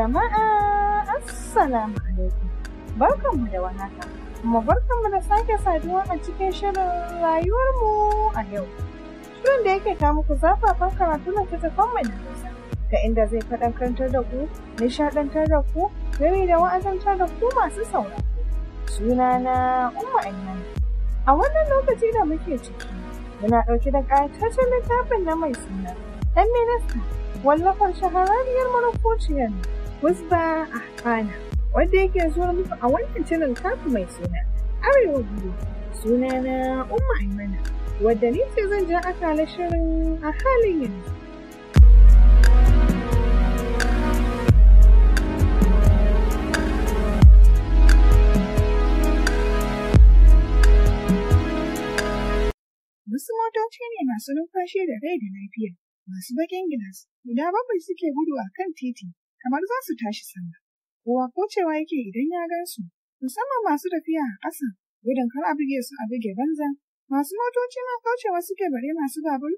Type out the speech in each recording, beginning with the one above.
Jama'a Assalamu alaikum. Barkanmu da haka, Kuma barkanmu da sake saduwa a cikin shirin rayuwarmu a yau. Shirin da yake kawo muku zafafan karatu na fitafan mai nisa. Ta inda zai faɗakantar da ku, nishaɗantar da ku, gari da wa'azantar da ku masu sauraro. na Umma Aiman. A wannan lokaci da muke ciki, muna ɗauke da ƙayataccen littafin na mai suna. Ɗan minista, wallafar shahararriyar manufociyar ne. Musba Ahkana wanda yake zuwa muku a wannan cinin kafu mai suna Arewa Biyu suna na Umma Haimana wadda ni ce zan ja akalar shirin a halin yanzu. Wasu motoci ne masu numfashi da rai da lafiya masu bakin gilas guda bakwai suke gudu a kan titi kamar za su tashi sama. Kowa ko cewa yake idan ya gan su, musamman masu tafiya a ƙasa, gudun kar a buge su a buge banza, masu motoci ma kaucewa suke bare masu babur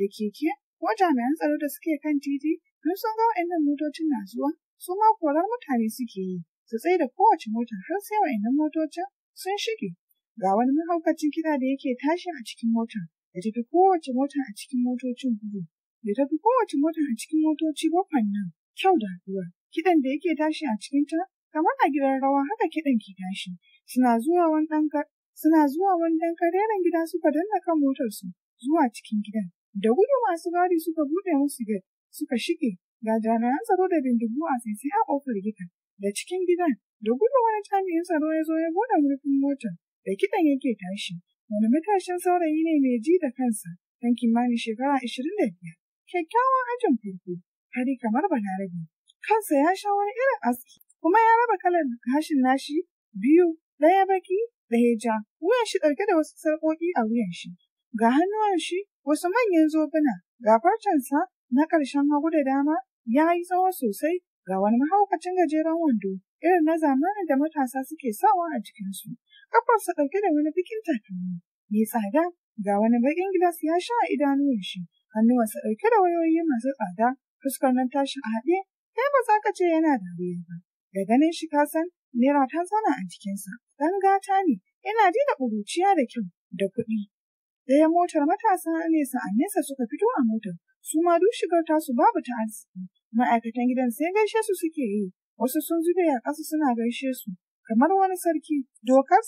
da keke ko jami'an tsaro da suke kan titi don sun ga wa'annan motocin na zuwa, su ma korar mutane suke yi, su tsaye da kowace mota har sai wa'annan motocin sun shige. Ga wani mahaukacin kiɗa da yake tashi a cikin motar, da tafi kowace mota a cikin motocin gudu, da tafi kowace mota a cikin motoci bakwai nan. kyau da haduwa. Kiɗan da yake tashi a cikinta, kamar a gidan rawa haka kiɗan ke tashi. Suna zuwa wani ɗan suna zuwa wani ɗan kareren gida suka danna kan motarsu zuwa cikin gidan. Da gudu masu gari suka buɗe musu gate suka shige ga jami'an tsaro da bindigu a sai a ƙofar gidan. Da cikin gidan, da gudu wani jami'in tsaro ya zo ya buɗe murfin motar da kiɗan yake tashi. Wani matashin saurayi ne mai ji da kansa, don kimanin shekara ashirin da biyar. Kyakkyawan ajin farko, fari kamar balarabe. Kansa ya sha wani irin aski, kuma ya raba kalar hashin nashi biyu, ɗaya baki, ɗaya ja. Wuyan shi ɗauke da wasu sarƙoƙi a wuyan shi. Ga hannuwan shi wasu manyan zobuna, ga farcensa na ƙarshen hagu da dama ya yi tsawo sosai ga wani mahaukacin gajeren wando irin na zamanin da matasa suke sawa a jikinsu. Ƙafarsa ɗauke da wani bikin takalmi mai tsada ga wani bakin gilas ya sha a idanuwan shi. Hannuwansa ɗauke da wayoyi masu tsada fuskar nan tashi a haɗe, kai ba za ka ce yana dariya ba. Da ganin shi ka san, nera ta zauna a jikinsa, ɗan gata ne, yana ji da ƙuruciya da kyau da kuɗi. Ɗaya motar matasa nesa a nesa suka fito a motar, su ma duk shigar tasu babu ta arziki. Ma'aikatan gidan sai gaishe su suke yi, wasu sun zube a ƙasa suna gaishe su, kamar wani sarki.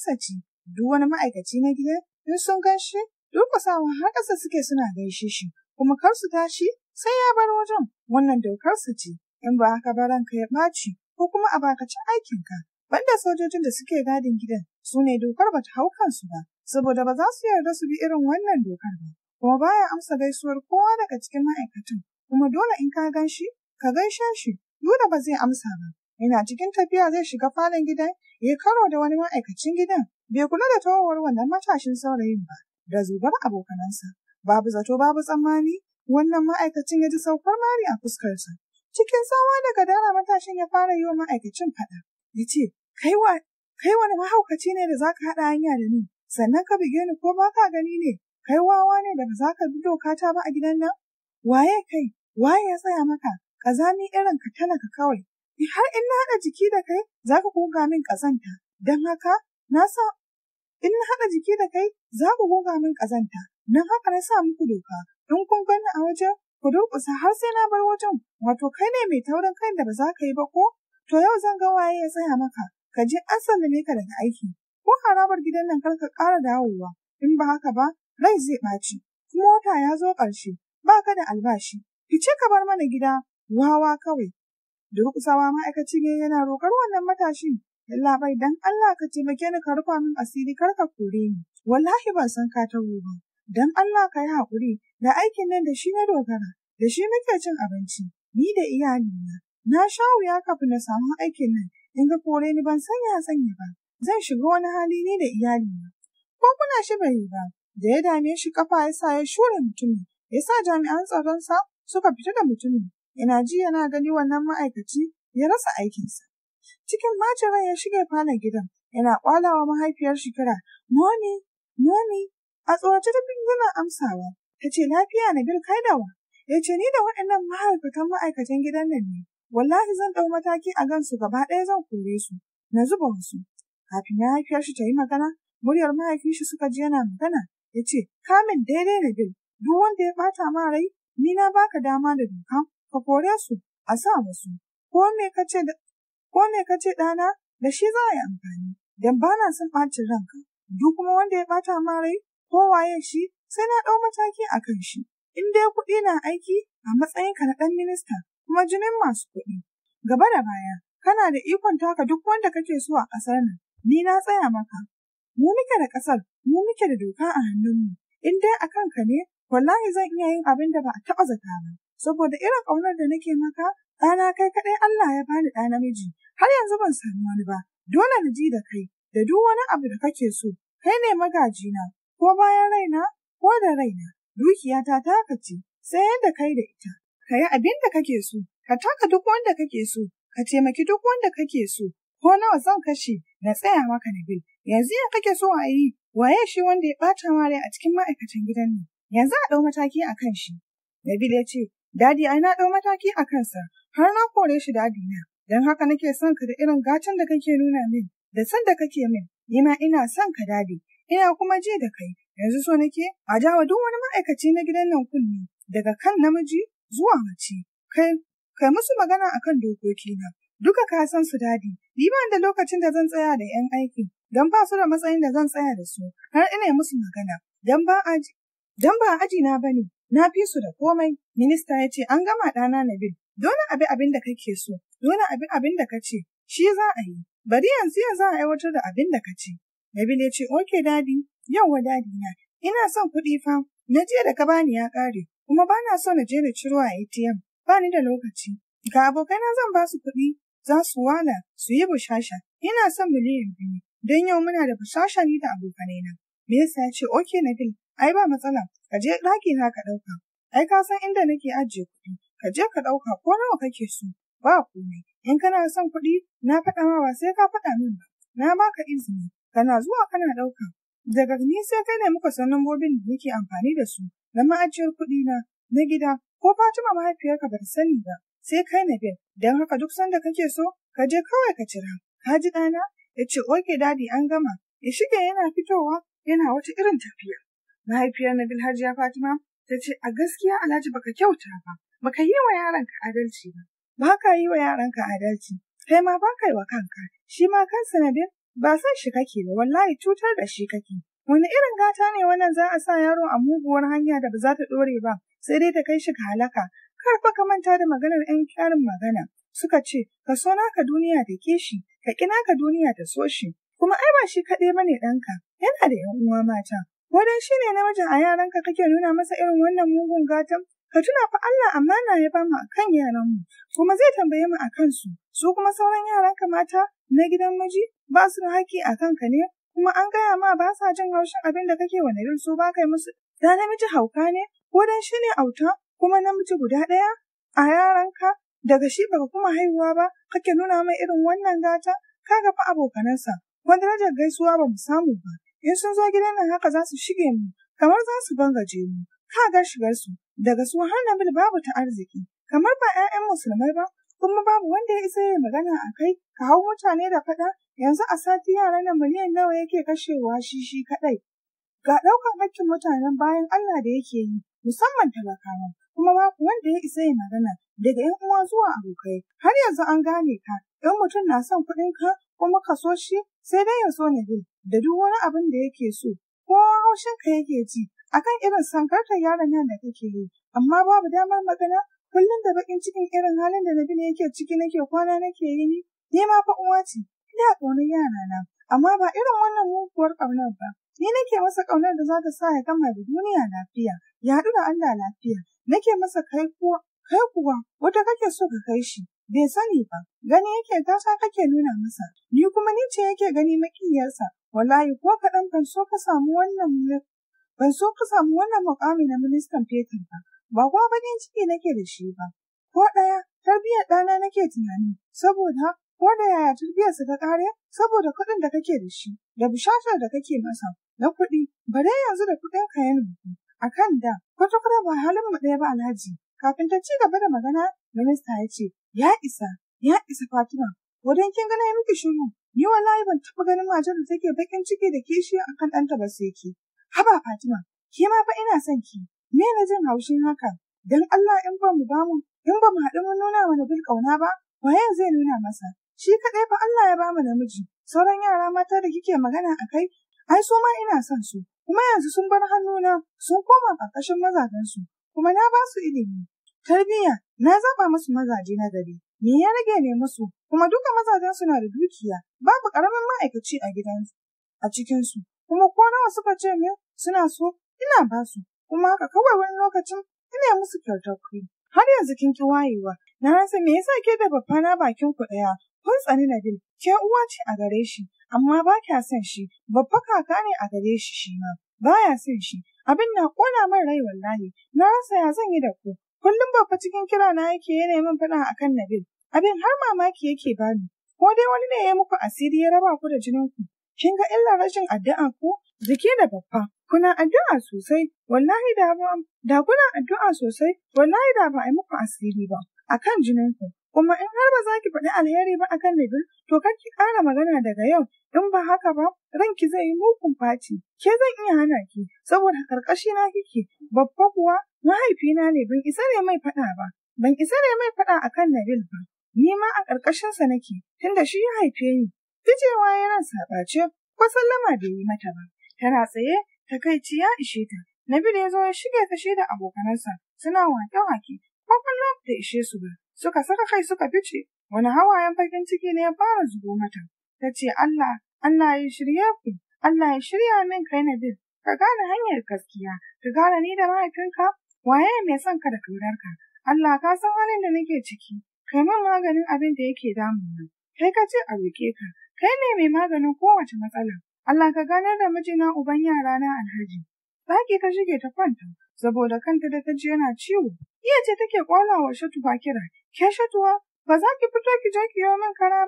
sa ce, duk wani ma'aikaci na gida, in sun gaishe, durƙusawa har ƙasa suke suna gaishe shi, kuma kar su tashi sai ya bar wajen, wannan dokar su ce, in ba haka ba ranka ya ɓaci ko kuma a baka aikin aikinka. Banda sojojin da suke gadin gidan su ne dokar ba ta hau kansu ba, saboda ba za su yarda su bi irin wannan dokar ba. Kuma baya amsa gaisuwar kowa daga cikin ma'aikatan, kuma dole in ka gan shi, ka gaishe shi, dole ba zai amsa ba. Yana cikin tafiya zai shiga falon gidan, ya karo da wani ma'aikacin gidan, bai kula da tawowar wannan matashin saurayin ba, da zubar abokanansa. Babu zato babu tsammani, Wannan ma'aikacin ya ji saukar mari a fuskarsa. Cikin tsawa da dara matashin ya fara yi wa ma'aikacin faɗa. Ya ce, kai wani mahaukaci ne da za ka haɗa hanya da ni, sannan ka bige ni ko ba ka gani ne, kai wawa ne da ba za ka bi doka ta ba a gidan nan? Waye kai, waye ya tsaya maka, ƙazami irin ka talaka kawai. Har in na haɗa jiki da kai, za ka goga min ƙazanta, don haka na sa in na haɗa jiki da kai, za ka goga min ƙazanta. Don haka na sa muku doka, in kun gani a wajen, ku durƙusa har sai na bar wajen, wato kai ne mai taurin kan da ba za ka yi ba ko? To yau zan ga waye ya tsaya maka, ka je an sallame ka daga aiki, ko harabar gidan nan kar ka ƙara dawowa, in ba haka ba, rai zai ɓaci, kuma wata ya zo ƙarshe, ba ka da albashi, Ki ce ka bar mana gida, wawa kawai. Durƙusawa ma'aikaci ne yana roƙar wannan matashin, Yalla bai dan Allah ka taimake ni ka rufa min asiri kar ka kore ni, wallahi ban san ka taro ba. don Allah ka yi haƙuri da aikin nan da shi na dogara, da shi muke cin abinci, ni da iyalina. Na Na sha wuya kafin na samu aikin nan, in ga kore ni ban sanya sanya ba, zan shiga wani hali ni da iyalina. Ko kuna shi bai ba, da ya dame shi kafa ya sa ya shure mutumin, ya sa jami'an tsaron sa suka fita da mutumin. Ina ji yana gani wannan ma'aikaci ya rasa aikinsa. Cikin majiran ya shiga falon gidan, yana kwalawa mahaifiyar shi kira, Moni, A tsorace ta yana amsawa, ta ce lafiya na bil kai dawa. Ya ce ni da waɗannan mahaifatan ma'aikatan gidan nan ne, wallahi zan ɗau mataki a gansu gaba ɗaya zan kore su, na zuba wasu. Kafin ya haifiyar shi ta yi magana, muryar mahaifin shi suka ji yana magana, ya ce, kamin daidai na bil, duk wanda ya ɓata ma rai, ni na baka dama da doka ka kore su, a sa wasu. Ko me ka ce ɗana, da shi za a yi amfani, don ba na son ɓacin ranka, duk kuma wanda ya ɓata ma rai, ko waye shi sai na ɗau mataki a kan shi. In dai kuɗi na aiki a matsayin ka na ɗan minista kuma jinin masu kuɗi. Gaba da baya, kana da ikon taka duk wanda kake so a ƙasar nan, ni na tsaya maka. Mu muke da ƙasar, mu muke da doka a hannunmu. In dai a kanka ne, wallahi zan iya yin abin da ba a taɓa zata ba. Saboda irin ƙaunar da nake maka, ɗana kai kaɗai Allah ya bani ɗa namiji, har yanzu ban samu wani ba. Dole na ji da kai, da duk wani abu da kake so, kai ne magajina, ko bayan raina ko da raina, dukiyata ta ce, sai yadda kai da ita, ka yi abin da kake so, ka taka duk wanda kake so, ka taimaki duk wanda kake so, ko nawa zan kashe na tsaya maka na bil, yanzu ya kake so a yi, waye shi wanda ya ɓata mare rai a cikin ma'aikatan gidan nan, yanzu a ɗau mataki akan kan shi. bil ya ce, Dadi ai na ɗau mataki a kansa, har na kore shi dadi na, don haka nake son ka da irin gatan da kake nuna min, da san da kake min, ina ina son ka dadi, ina kuma je da kai yanzu so nake a jawa duk wani ma'aikaci na gidan nan kunne. daga kan namiji zuwa mace kai kai musu magana akan dokoki na duka ka san su dadi ni ba da lokacin da zan tsaya da yan aiki don ba su da matsayin da zan tsaya da su har ina musu magana dan ba aji dan ba aji na bane na fi su da komai minista ya ce an gama ɗana na bin. dole abi abin da kake so dole abi abin da kace shi za a yi bari yanzu yanzu a aiwatar da abin da kace Nabila ya ce, Oke dadi, yauwa dadi na, ina son kuɗi fa, na je da ka bani ya ƙare, kuma bana na so na je na ciro a ATM, ba ni da lokaci. Ga abokaina zan ba su kuɗi, za su wala, su yi bushasha, ina son miliyan biyu, don yau muna da bushasha ni da abokanaina. Me yasa ya ce, Oke bil ai ba matsala, ka je ɗaki na ka ɗauka, ai ka san inda nake ajiye kuɗi, ka je ka ɗauka ko nawa kake so, ba komai. In kana son kuɗi, na faɗa ma ba sai ka faɗa min ba, na baka izini, kana zuwa kana ɗauka. Daga ni sai kai ne muka san lambobin da nake amfani da su na ma'ajiyar kuɗi na na gida ko Fatima mahaifiyarka ba ta sani ba sai kai na bin don haka duk sanda kake so ka je kawai ka cira. Ka ji ɗana? Ya ce oke dadi an gama. Ya shige yana fitowa yana wata irin tafiya. Mahaifiyar na Bilhajiya Fatima ta ce a gaskiya Alhaji baka kyauta ba baka yi wa yaranka adalci ba. baka yi wa yaranka adalci kai ma ba kai wa kanka shi ma kansa na bin ba san shi kake ba wallahi cutar da shi kake wani irin gata ne wannan za a sa yaro a muguwar hanya da ba za ta dore ba sai dai ta kai shi ga halaka kar fa ka manta da maganar yan kyarin magana suka ce ka so naka duniya da ke shi ka kina naka duniya da so shi kuma ai ba shi kaɗai bane ɗanka yana da yan uwa mata wadan shi ne namijin a yaranka kake nuna masa irin wannan mugun gatan ka tuna fa Allah amana ya bamu akan yaran mu, kuma zai tambaye mu a kansu. Su kuma sauran yaranka mata na gidan miji ba su da haƙƙi a kanka ne, kuma an gaya ma ba sa jin haushin abin da kake wa Nalil su ba kai musu. Da namiji hauka ne, ko dan shi ne auta, kuma namiji guda ɗaya a yaranka daga shi baka kuma haihuwa ba, kake nuna mai irin wannan gata, ka fa abokanansa. Wani darajar gaisuwa ba mu samu ba, in sun zo gidan nan haka za su shige mu, kamar za su bangaje mu. Ka ga shigarsu, daga su har Nabil babu ta arziki, kamar ba ‘ya'yan musulmai ba, kuma babu wanda ya isa ya magana a kai ka hau mutane da faɗa yanzu a sati yara nan miliyan nawa yake kashewa shi shi kaɗai ga ɗaukar hakkin mutanen bayan Allah da yake yi musamman talakawa kuma babu wanda ya isa ya magana daga yan uwa zuwa abokai har yanzu an gane ka in mutum na son kuɗin ka kuma ka so shi sai dai ya so na bi da duk wani abin da yake so ko haushin ka yake ji akan irin sankartar yaron nan da kake yi amma babu damar magana Kullum da bakin cikin irin halin da Nabila yake ciki nake kwana nake yi ni, ni ma fa uwa ce, ina ƙaunar yara na, amma ba irin wannan muguwar ƙaunar ba. Ni nake masa ƙaunar da za ta sa ya gama da duniya lafiya, ya haɗu da Allah lafiya, nake masa kai kuwa, kai kuwa, wata kake so ka kai shi, bai sani ba, gani yake gata kake nuna masa, ni kuma ni ce yake gani makiyarsa, wallahi ko kaɗan ban so ka samu wannan ban so ka samu wannan mukami na ministan fetur ba, ba kwa bakin ciki nake da shi ba, ko ɗaya tarbiyyar ɗana nake tunani, saboda ko da yaya tarbiyyarsa ta ƙare saboda kuɗin da kake da shi, da bishashar da kake masa, na kuɗi, ba dai yanzu da kuɗin ka yana buku. A kan da, kwata ba halin mu ɗaya ba alhaji, kafin ta ci gaba da magana, minista ya ce, ya isa, ya isa Fatima, wadan kin gana ya miki shiru, ni wallahi ban taɓa ganin matar da take baƙin ciki da kishi akan ɗanta ba sai ki. Haba Fatima, ke ma fa ina son ki, Me na jin haushin haka? Don Allah in ba mu ba mu, in ba mu haɗu mun nuna wani bil ƙauna ba, waye zai nuna masa? Shi kaɗai fa Allah ya ba mu namiji, sauran yara mata da kike magana a kai, ai su ma ina son su, kuma yanzu sun bar hannuna sun koma ƙarƙashin mazajensu, kuma na ba su ilimi. Tarbiyya, na zaɓa musu mazaje na gari, me ya rage ne musu, kuma duka mazajensu na da dukiya, babu ƙaramin ma'aikaci a gidansu, a cikinsu, kuma ko nawa suka ce min suna so, ina ba su, kuma ka kawai wani lokacin ina musu kyautar kuɗi. Har yanzu kin ki wayewa, na rasa me yasa ke da babba na bakin ku ɗaya, kun tsani na Nabil, ke uwa ce a gare shi, amma ba kya son shi, babba kaka ne a gare shi shi ma, ba ya son shi, abin na kona min rai wallahi, na rasa ya zan yi da ku. Kullum babba cikin kira na yake yana min faɗa akan Nabil, abin har mamaki yake bani. Ko dai wani ne ya muku asiri ya raba ku da jinin ku, kin ga illar rashin addu'a ku, jiki da babba. kuna addu'a sosai wallahi da ba da kuna addu'a sosai wallahi da ba a yi muku asiri ba akan jinin ku kuma in har ba za ki faɗi alheri ba akan Nabil to kar ki ƙara magana daga yau in ba haka ba ranki zai yi mugun fati. ke zan iya hana ki saboda karkashi na kike babba kuwa mahaifina ne ban isa ne mai faɗa ba ban isa ne mai faɗa akan Nabil ba ni ma a ƙarƙashinsa nake tunda shi ya haife ni fijewa ya ran saɓace ko sallama bai yi mata ba tana tsaye Takaici ya ishe ta. Nabil ya zo ya shige fashe da abokanansa suna wake-wake ko kullum da ishe su ba. Suka saka kai suka fice wani hawayen fagen ciki ne ya fara zubo mata. Ta ce Allah, Allah ya shirya ku, Allah ya shirya min kai Nabil. Ka gane hanyar gaskiya, ka gane ni da mahaifinka, waye mai son ka da ka? Allah ka san halin da nake ciki, kai min maganin abin da yake damuna. Kai ka ce a roƙe ka, kai ne mai maganin kowace matsala. Allah ka ganar da mijina uban yara na alhaji. Baki ka shige ta kwanta, saboda kanta da ta ji yana ciwo. Iya ce take kwana wa shatu ba kira. Ke shatuwa, ba za ki fito ki je ki yi min kara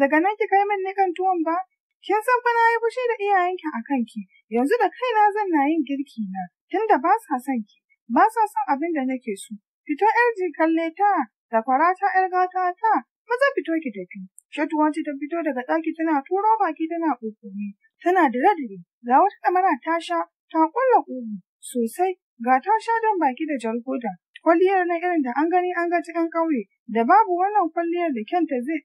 daga nan ki kai min nikan tuwon ba. Kin san fa na yi fushi da iyayenki a kanki, yanzu da kaina zan na yin girki na, tunda ba sa son ki, ba sa son abin da nake so. Fito ƴar jikalle ta, da kwara ta ƴar gata ta, maza fito ki tafi. Shatuwa ce ta fito daga ɗaki tana turo baki tana kokumi, tana da ladabi ga wata kamara ta sha, ta ƙwalla ƙugu sosai, ga ta sha don baki da jalgoda. Kwalliyar na irin da an gani an ga cikin ƙauye, da babu wannan kwalliyar da kyanta zai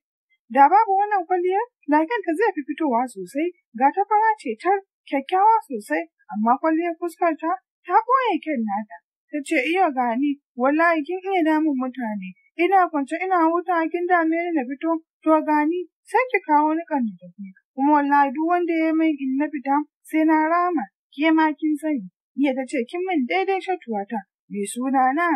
Da babu wannan kwalliyar, da kyanta zai fi fitowa sosai, ga ta fara ce tar kyakkyawa sosai, amma kwalliyar fuskarta ta ɓoye kyan nata. Ta ce iya gani, wallahi kin iya damun mutane, ina kwance ina huta kin dame ni na fito to gani sai ki kawo ni kan da kuma wallahi duk wanda ya mai in na fita sai na rama ke ma kin sani iya ta ce kin min daidai ta mai suna na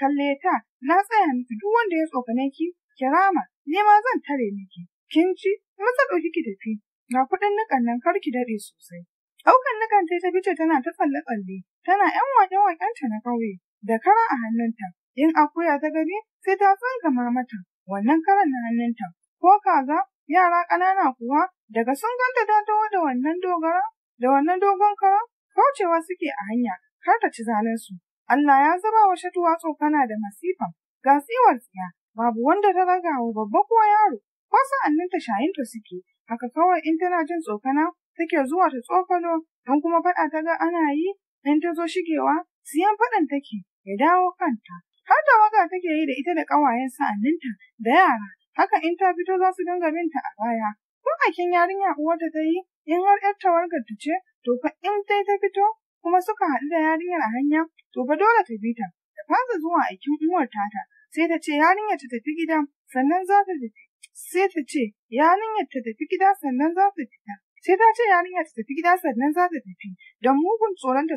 kalle ta na tsaya miki duk wanda ya tsokane ki ki rama Ni ma zan tare miki kin ci maza dauki ki tafi ga kuɗin nikan nan kar ki daɗe sosai ɗaukan nikan ta ta fice tana ta tsalle tsalle tana ƴan waƙe wakenta na kauye. da kara a hannunta In akuya ta gani sai ta kamar mata wannan karan na hannunta, ko kaza yara ƙanana kuwa daga sun ganta ta taho da wannan dogara da wannan dogon kara kaucewa suke a hanya har ta ci su Allah ya zaba wa shatuwa tsokana da masifa ga tsiwar tsiya babu wanda ta raga wa babba ko yaro ko sa'anninta shayinta suke haka kawai in tana jin tsokana take zuwa ta tsokano don kuma faɗa ta ga ana yi in ta zo shigewa siyan faɗan take ya dawo kanta har da waka take yi da ita da ƙawayen sa'anninta da yara haka in ta fito za su dinga binta a baya ko akin yarinya uwarta ta yi in har yar tawargar ta ce to fa in dai ta fito kuma suka haɗu da yarinyar a hanya to fa dole ta bi ta ta fasa zuwa aikin uwar tata sai ta ce yarinyar ta tafi gida sannan za ta tafi sai ta ce yarinyar ta tafi gida sannan za ta fita sai ta ce yarinyar ta tafi gida sannan za ta tafi don mugun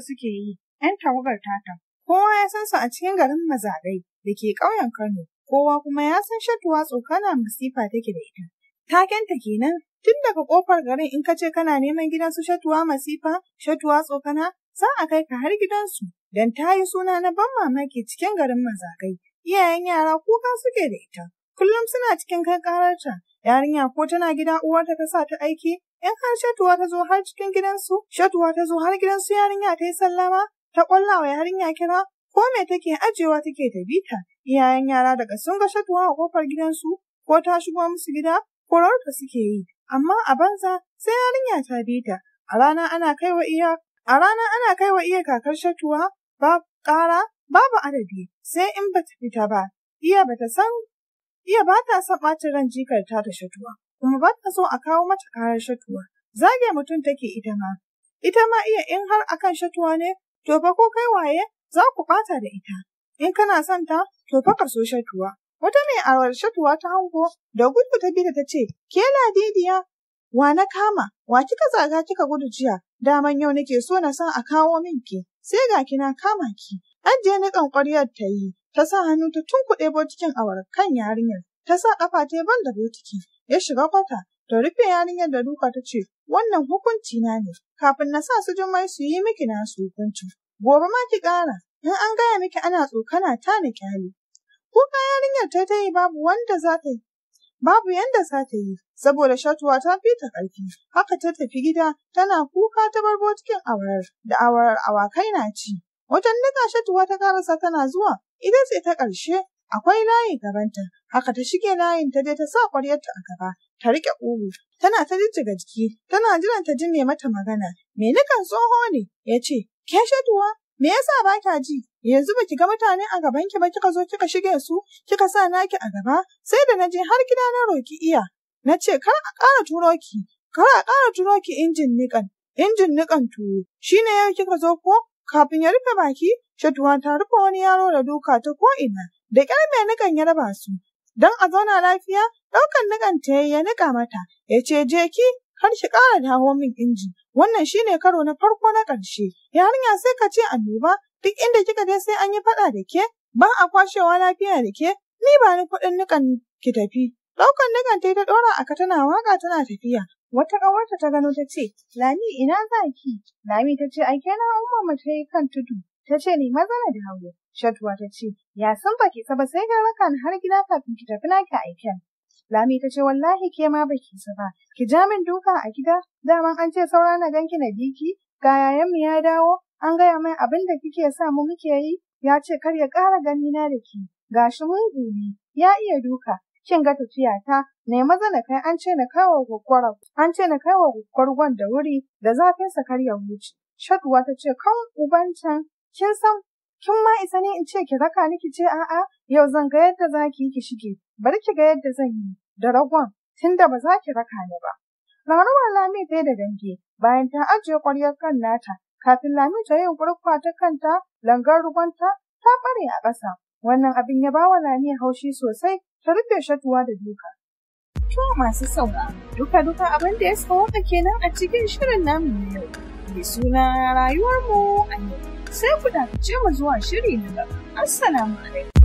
suke yi 'yan tawagar tata Kowa ya san su a cikin garin Mazaɗai da ke ƙauyen Kano, kowa kuma ya san shatuwa tsokana masifa take da ita. Takenta kenan tun daga kofar garin in ka ce kana neman gidan su shatuwa masifa, shatuwa tsokana, za a kai ka har gidansu don ta yi suna na ban mamaki cikin garin Mazaɗai. Iyayen yara kuka suke da ita. Kullum suna cikin kankararta, yarinya ko tana gida uwarta ta sa ta aiki in har shatuwa ta zo har cikin gidansu, shatuwa ta zo har gidansu yarinya ta yi sallama, ta ƙulla wa yarinya kira ko me take ajewa take ta bita iyayen yara daga sun ga shatuwa a kofar gidansu ko ta shigo musu gida ko rarka suke yi amma a banza sai yarinya ta bita, a rana ana kaiwa iya a rana ana kaiwa iya kakar shatuwa ba ƙara babu adadi sai in bata fita ba iya bata san iya ba ta son ɓacin ran jikar ta ta shatuwa kuma ba ta so a kawo mata ƙarar shatuwa zage mutum take ita ma ita ma iya in har akan shatuwa ne To fa ko kai waye za ku ɓata da ita. In kana son ta, to fa karso shatuwa. Wata mai awar shatuwa ta hango da gudu ta bi da ta ce, Ke Ladidiya, wa na kama, wa kika zaga kika gudu jiya, daman yau nake so na san a kawo min ki, sai ga kina kama ki. Ajiye ni ƙwariyar ta yi, ta sa hannu ta tunkuɗe bokitin awar kan yarinyar, ta sa ƙafa ta ban da bokiti, ya shiga kwata, Da rufe yarinyar da duka ta ce, wannan hukunci na ne, kafin na sa su jimai su yi miki nasu hukuncin. Gobe ma ki ƙara, in an gaya miki ana tsokana ta na kyale. Kuka yarinyar ta ta yi babu wanda za ta yi. Babu yanda za ta yi, saboda shatuwa ta fi ta ƙarfi, haka ta tafi gida tana kuka ta bar bokitin awarar da awarar awakai na ci. Wajen nika shatuwa ta karasa tana zuwa, idan ce ta ƙarshe, akwai layi gabanta, haka ta shige layin ta je ta sa ƙwaryarta a gaba, ta riƙe ƙugu. Tana ta jijjiga jiki, tana jiran ta ji me mata magana. Me nikan tsoho ne? Ya ce, ke shaduwa, me yasa ba kya ji? Yanzu baki ga mutane a gaban ki ba kika zo kika shige su, kika sa naki a gaba, sai da na je har gida na roki iya. Na ce, kar a ƙara turo ki, kar a ƙara turo ki injin nikan, injin nikan tuwo. Shi ne yau kika zo ko? Kafin ya rufe baki, shaduwa ta rufe wani yaro da duka ta ko'ina. Da ƙyar mai nikan ya raba su, don a zauna lafiya ɗaukan niƙan ta ya niƙa mata ya ce je ki har ki ƙara dawo min inji wannan shine karo na farko na ƙarshe yarinya sai ka ce annoba duk inda kika je sai an yi faɗa da ke ba a kwashewa lafiya da ke ni ba ni kuɗin niƙan ki tafi ɗaukan nigan ta ta ɗora ka tana waƙa tana tafiya wata ƙawarta ta gano ta ce lami ina za ki lami ta ce ai kenan umma ta yi kan tudu ta ce ni maza na dawo Shatuwa ta ce, Ya san baki saba sai ga raka har gida kafin ki tafi naki aiken. Lami ta ce wallahi ke ma baki saba, ki ja min duka a gida, daman an ce saura na ganki na biki, ga yayan mu ya dawo, an gaya mai abin da kike sa mu muke yi, ya ce kar ya ƙara gani na da ki. Ga shi mun gobe. ya iya duka, kin ga tafiya ta, ne maza na kai an ce na kawo gwaggwaro, an ce na kawo gwaggwar da wuri da zafinsa kar ya huce. Shatuwa ta ce kan ubancan kin san kin ma isa ne in ce ki raka ni ki ce a'a yau zan ga yadda za ki yi ki shige Bar ki ga yadda zan yi da ragon tunda ba za ki raka ni ba. Laruwar Lami ta da dange bayan ta ajiye ƙwaryar kan nata kafin Lami ta yi gurkwa ta kanta langar ruwan ta ta ɓare a ƙasa. Wannan abin ya bawa Lami haushi sosai ta rufe shatuwa da duka. To masu saura, duka-duka abin da ya sauka kenan a cikin shirin namu yau. Mai suna rayuwarmu a yau. sai ku ce mu zuwa shiri na gaba. Assalamu alaikum.